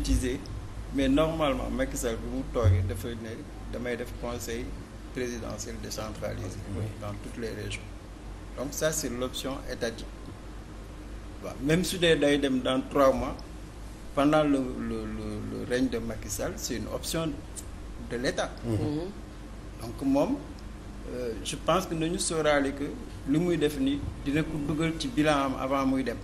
politiser mais normalement Macky bi bu mu toogee dafa ne damay def conseil présidentiel décentralisé dans toutes les régions donc ça c'est l'option étatique waaw même su dee day dem dans trois mois pendant le le le le règne de Macky Sall c'est une option de l'État mhm. donc moom euh, je pense que nañu sóoraale que lu muy def ni dina ko dugal ci bilan am avant muy dem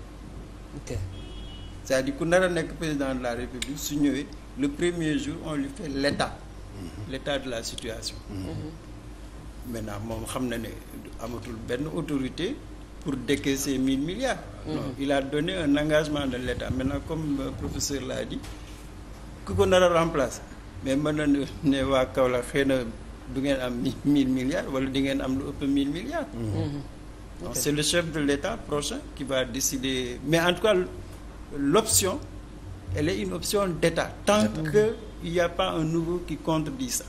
c'est-à-dire ku nar nekk président de la république su ñëwee le premier jour on lui fait l'état mhm. l'état de la situation mhm. Mhm. maintenant moom xam na ne amatul benn autorité pour décaisser mille milliards non il a donné un engagement de l'état maintenant comme euh, professeur l'a dit ku ko nar remplace mais mën na ne waa Kaolack xëy na du ngeen am mille milliards wala di ngeen am lu ëpp milliards c'est le chef de l'état prochain qui va décider mais en tout cas l'option, elle est une option d'État, tant qu'il n'y a pas un nouveau qui contredit ça.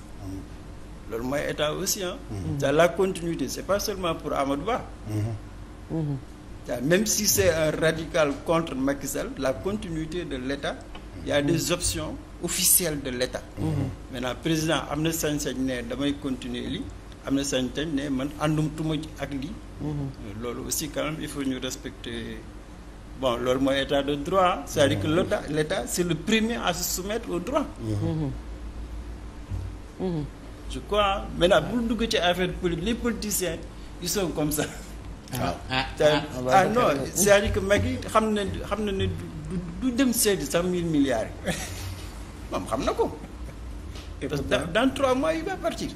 loolu mooy état aussi mm-hmm. ah. dans la continuité c'est pas seulement pour Amadou Ba. Mm-hmm. Mm-hmm. même si c'est un radical contre Macky la continuité de l'État. ya y a des options officielles de l'État. maintenant président am na sañ-sañ ne damay continuer li am na sañ-sañ ne man àndumtuma ci ak lii. loolu aussi quand même il faut ñu respecter. bon loolu mooy état de droit c'est-à-dire mm-hmm. l'état c'est le premier à se soumettre au droit mm-hmm. Mm-hmm. je crois maintenant bu dugg ci affaire politique les politiciens ils sont comme ça ah, ah, ah, ah. non c'est-à-dire xam na xam na ne du dem seeti sax mille milliards moom xam na ko parce que dans trois mois il va partir.